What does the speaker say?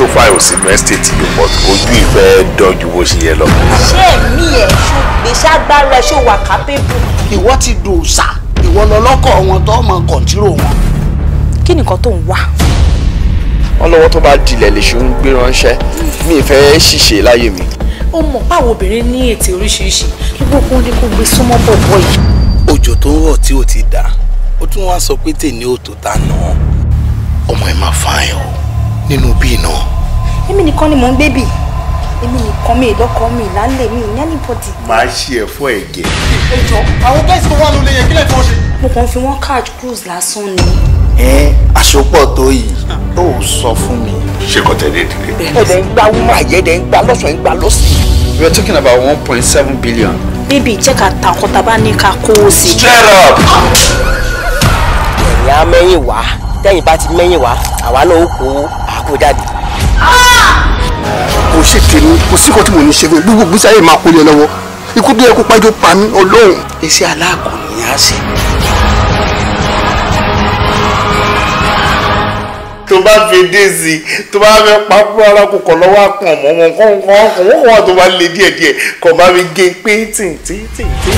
tó fàyò sínú ẹ́stéètì yìí pọ̀ ojú ìfẹ́ dọ́jú bó ṣe yẹ lọ. ṣé ẹ̀mí ẹ̀ gbèsè agbára ẹ̀ ṣó wà kápẹ́bù. ìwọ ti dùn sá ìwọ lọlọ́kọ̀ wọn tó mọ kọ̀ǹtírò wọn. kí nìkan tó ń wá. wọn lọ́wọ́ tó bá dilẹ̀ lèṣu ń gbé ránṣẹ́ mi ì fẹ́ ṣìṣe láyé mi. ó mọ̀ páwọn obìnrin ní ètè oríṣiríṣi gbogbo wọn ni kò gbé súnmọ́ bọ̀bọ̀ yìí. òjò tó ń rọ̀ tí ò ti dà ó tún wá sọ pé tèmi ò tó ta nù ọmọ ẹ máa fáyọ̀ o nínú bíi náà. èmi nìkan ni mò ń bébì èmi nìkan mi ìlọ́kọ mi ìlàlẹ̀ mi ìní anybody. máa ṣe ẹ̀fọ́ ẹ̀gẹ́. ẹjọ àwọn bẹ́ẹ̀ tó wà lólè yẹn kílẹ̀ tí wọ́n ṣe. mo kàn fi wọn card cruise lásán ni. ẹ àsopọ̀ tó yìí tó sọ fún mi. ṣé kò tẹ̀lé ìdílé. ẹ̀dẹ̀ ń gba wúmọ̀ àyẹ̀dẹ̀ ń gba lọ́sọ̀ ń gba lọ́sì. we are talking about one point seven billion. bíbí jẹ́ ká ta ọkọ tá a bá ní ká kó o sí. straight up. ẹ̀yin á mẹ́yìn wá tẹ́yìn bá ti mẹ́yìn wá àwa náà ó kó kó jáde. kò ṣe tèmi kò sí nǹkan tí mo ní ṣe fún gbogbo gbèsè ayé máa kó lé lọ́wọ́ ikú bí ẹkú pájọ pa mí ọlọ́run. iṣẹ́ aláàkó ni a ṣe. tó bá fi dé sí i tó bá fẹ́ pa fún kò kọ̀ lọ́wọ́ àpọ̀n mọ́ wọn kọ́ wọn kọ́ tó bá le díẹ̀díẹ̀ kọ̀ bá mi gé pé tìǹtìǹtìǹtì.